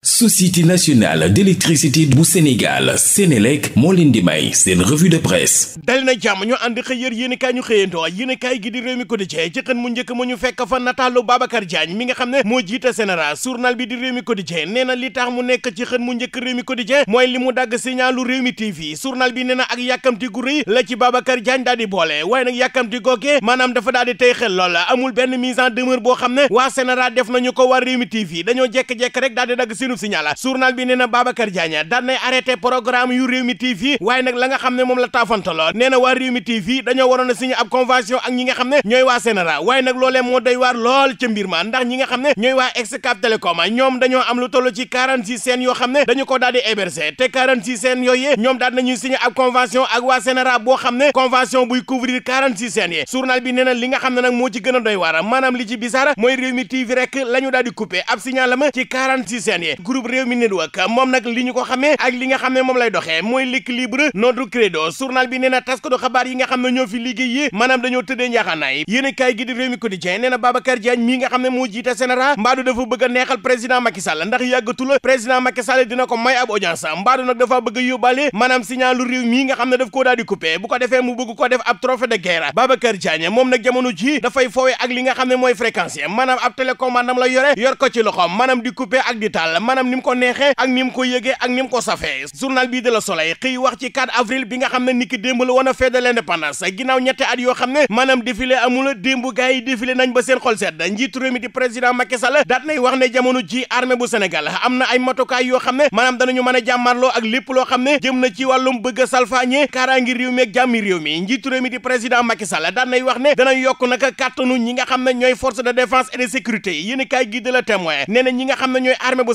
société nationale d'électricité bu Sénégal Sénélec moo leen di may seen revue de presse dali jàmm ñu ànd xëy yéenekaay ñu xëyantoo yéenekaay gi di Rewmi Quotidien ci xën mu njëkk mu ñu fekk fa nataalu Babacar Diagne mi nga xam ne moo jiite Sénéra journal bi di Rewmi Quotidien nee na li tax mu nekk ci xën mu njëkk Rewmi Quotidien mooy li mu dagg signalu Rewmi TV journal bi nee na ak yàkkamti gu rëy la ci Babacar Diagne daal di boole waaye nag boo xam ne waa Sénéra def nañu ko waa Rewmi TV dañoo génnu signal journal bi nee na Babacar Diagne daan nay arrêté programme yu Rewmi waaye nag la nga xam ne moom la taafantaloo nee na waa Rewmi TV dañoo waroon a ab convention ak ñi nga xam ne ñooy waa Sénéra waaye nag loolee moo doy waar lool ca mbir ma ndax ñi nga xam ne ñooy waa Excaf Télécom ñoom dañoo am lu toll ci 46 chaînes yoo xam ne dañu ko daal di héberger te 46 chaînes yooyu ñoom daal nañuy signé ab convention ak waa moo groupe réew mi network moom nag li ñu ko xamee ak li nga xam ne moom lay doxee mooy l'équilibre notre credo journal bi ne ñoo fi liggéey maanaam dañoo tëddee njaaxaanaay yéen kaay gi di réew mi quotidien nee na Babacar Diagne mii nga xam ne moo jiite sénéra mbaadu a neexal président Macky Sall ndax yàggatula président Macky Sall dina ko may ab audience mbaadu nag dafa a yóbbaale nga xam ne daf koo daal di ko defee mu bëgg ko def ab trophée de guerre Babacar Diagne dafay foowe ak li nga xam ne mooy fréquence maanaam ab télécommande am la yore yor ko ci loxoom maanaam di coupé ak di taal maanaam ni mu ko neexee ak ni mu ko yëgee ak ni mu ko safee journal bii de la Soleil xëy wax ci 4 avril bi nga xam ne niki démb la woon a fête de l'indépendance ginnaaw ñetti at yoo xam ne maanaam défilé amul démb gars yi défilé nañ ba seen xol sedd njiitu réew mi di président Macky Sall nay wax ne jamono ji armée bu Sénégal am na ay matukaay yoo xam ne maanaam danañu mën a jàmmarloo ak lépp loo xam ne jëm na ci wàllum bëgg a salfaañe kaaraangi réew mi ak jàmmi réew mi njiitu réew mi di président Macky Sall daat nay wax ne danañ yokk naka kàttanu ñi nga xam ne ñooy force de défense et de i kaay gi xam ne ñooy armée bu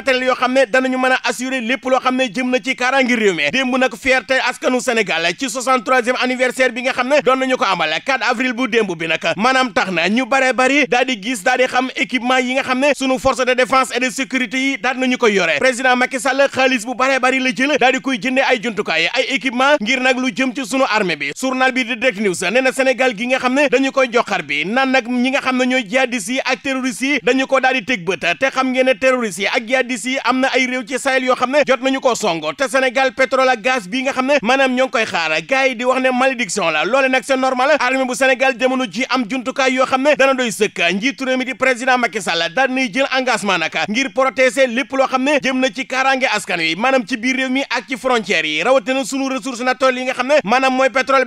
matériel yoo xam ne danañu mën a assurer lépp loo xam ne jëm na ci kaaraangi réew mi démb nag fierté askanu Sénégal ci 63e anniversaire bi nga xam ne doon nañu ko amal 4 avril bu démb bi nag maanaam tax na ñu bare bari daal gis daal xam équipement yi nga xam ne sunu force de défense et de sécurité yi daal nañu ko yore président Macky Sall xaalis bu bare bari la jël daal di koy ay jumtukaay ay équipement ngir nag lu jëm ci sunu dix yi am na ay réew ci Sahel yoo xam ne jot nañu koo songo te Sénégal pétrole ak bii nga xam ne maanaam ñoo koy xaar gars di wax ne malédiction la loole nag c'est normal armée bu Sénégal jamono ji am juntukaay yoo xam ne dana doy sëkk njiitu réew di président Macky Sall daan nay jël engagement naka ngir protéger lépp xam ne jëm na ci kaaraange askan wi ci biir réew mi ak ci frontières yi rawatina sunu ressource naturelle yi nga xam ne maanaam mooy pétrole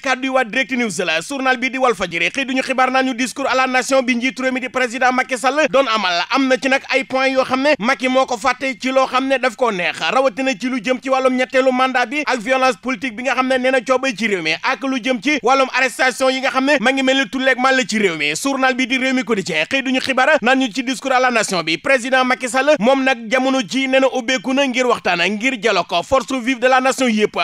kàddu yi waa direct news la journal bi di wal fajiri xëy duñu xibaar naa ñu discours à la nation bi njiitu réew mi di président Macky Sall doon amal am na ci nag ay points yoo xam ne Macky moo ko fàtte ci loo xam ne daf koo neex rawatina ci lu jëm ci wàllum ñetteelu mandat bi ak violence politique bi nga xam ne nee na coobay ci réew mi ak lu jëm ci wàllum arrestation yi nga xam ne ma ngi mel ni tulleeg màll ci réew mi journal bi di réew mi quotidien xëy duñu xibaar naan ñu ci discours à la nation moom nag jamono ji nee na ubbeeku na ngir waxtaan ngir jalo ko force vive la nation yëpp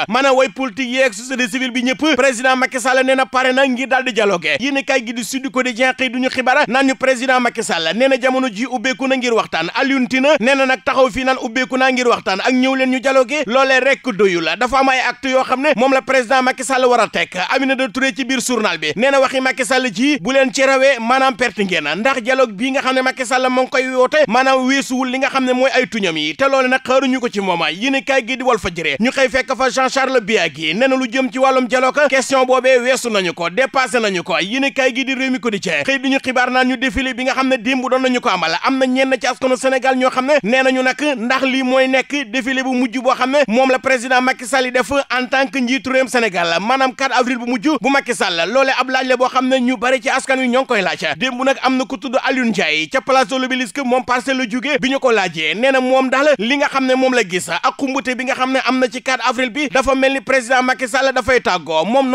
président Macky Sall nee pare na ngir daal di dialogue yéen kay gi di Sud Quotidien xëy duñu xibaar naan ñu président Macky Sall nee na jamono ji ubbeeku na ngir waxtaan Alioune Tine nee na nag taxaw fii naan ubbeeku na ngir waxtaan ak ñëw leen ñu dialogue loolee rek doyu la dafa am ay acte yoo xam ne moom la président Macky Sall war a teg Aminata Touré ci biir surnal bi nee na waxi Macky Sall ji bu leen ci rawee maanaam perte ngeen ndax dialogue bii nga xam ne Macky Sall moo ngi koy woote maanaam weesuwul li nga xam ne mooy ay tuñam yi te loole nag xaaruñu ko ci mooma yéen kay gi di Walf Fadjri ñu xëy fekk fa Jean Charles Biagui nee na lu jëm ci wàllum dialogue question boobee weesu nañu ko dépassé nañu ko yéen kay gi di Rewmi Quotidien xëy duñu xibaar naan ñu défilé bi nga xam ne démb doon nañu ko amal am na ñenn ci askanu Sénégal ñoo xam ne nee nañu nag ndax lii mooy nekk défilé bu mujj boo xam ne moom la président Macky Sall def en tant que njiitu réewum Sénégal maanaam 4 avril bu mujj bu Macky Sall loolee ab laaj la boo xam ne ñu bari ci askan wi ñoo ngi koy laaj démb am na ku tudd Alioune ca place de l'Obélisque moom parcelle la jógee bi ñu ko laajee nee na moom xam ne moom la gis ak xumbute xam ne am na ci 4 avril bi dafa mel ni président Macky Sall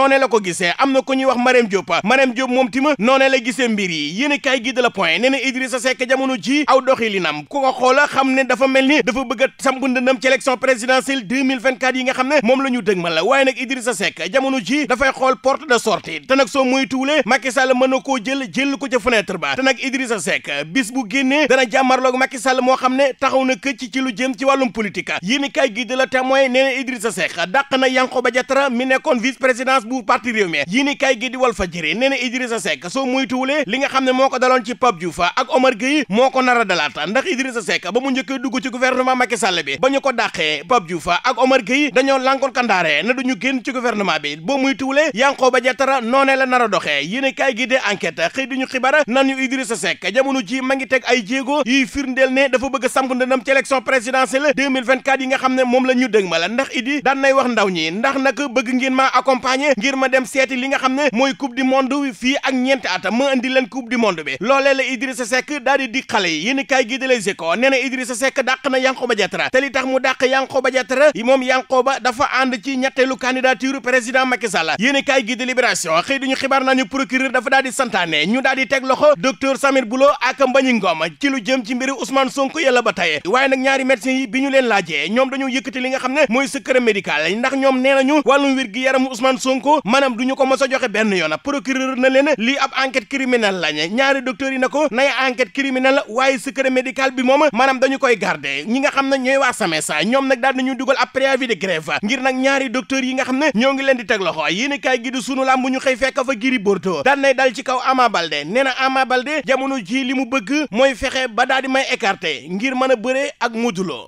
noonee la ko gisee am na ku ñuy wax Marème Diop Marème Diop moom tima noonee gisee mbir yi yéen kaay gi la point nee na Idrissa Seck jamono ji aw doxalinam ku ko xoola xam ne dafa mel ni dafa bëgg a samp ndëndam ci élection présidentielle 2024 yi nga xam ne moom la ñu dëgmal la waaye nag Idrissa Seck jamono ji dafay xool porte de sortie te nag soo muy tuulee Macky Sall mën jël jël ko ca fenêtre ba te nag Idrissa Seck bis bu génnee dana jàmmarloog xam ne taxaw na bu parti réew mi yéen kay gi di wal fa jëre nee na Idrissa Seck soo moytuwulee li nga xam ne moo ko daloon ci Pape Diouf ak Omar Gueye moo ko nar a dalaata ndax Idrissa Seck ba mu njëkkee dugg ci gouvernement Macky Sall bi ba ñu ko dàqee Pape Diouf ak Omar Gueye dañoo lànkoon na duñu génn ci gouvernement bi boo moytuwulee Yankhoba Diattara noonee la nar a doxee yéen kay gi di xëy diñu xibaar nan ñu a Seck jamono ji ma ngi teg ay jéego yuy firndeel ne dafa bëgg samp ndëndam ci élection présidentielle 2024 yi nga ne moom la ñu dëgmal ndax Idi daan nay wax ndaw ñi ndax accompagner ngir ma dem seeti li nga xam ne mooy coupe du monde fii ak ñeenti at ma indi leen coupe du monde bi loolee la Idrissa Seck daal di xale yi yéen i kaay gi de Les Échos nee na Idrissa Seck dàq na Yankhoba Diattara te li tax mu dàq Yankhoba Diattara moom Yankhoba dafa ànd ci ñetteelu candidature président Macky Sall yéen i kaay gi de Libération xëy duñu xibaar nañu procureur dafa daal di santaane ñu daal di teg loxo docteur Samir Boulo ak Mbagnick Ngom ci lu jëm ba tey waaye nag ñaari médecins yi laajee ñoom dañoo yëkkati li nga xam ne mooy secret médical ndax ñoom nee nañu wàllum ko maanaam du ko mos a joxe benn yoon procureur na leen lii ab enquête criminelle lañu ñaari docteurs yi na ko nay enquête criminelle waaye secret médical bi moom maanaam dañu koy garder ñi nga xam ne ñooy waa SAMES ñoom nag daal nañu dugal ab préavis de grève ngir nag ñaari docteurs yi nga xam ne ñoo ngi leen di teg loxo yéen kaay gi di sunu lamb ñu xëy fekk fa Gris Bordeaux daan nay dal ci kaw Ama Baldé nee na Ama Baldé jamono ji li mu bëgg mooy fexe b daal di may écarter ngir mën a bëree ak Modou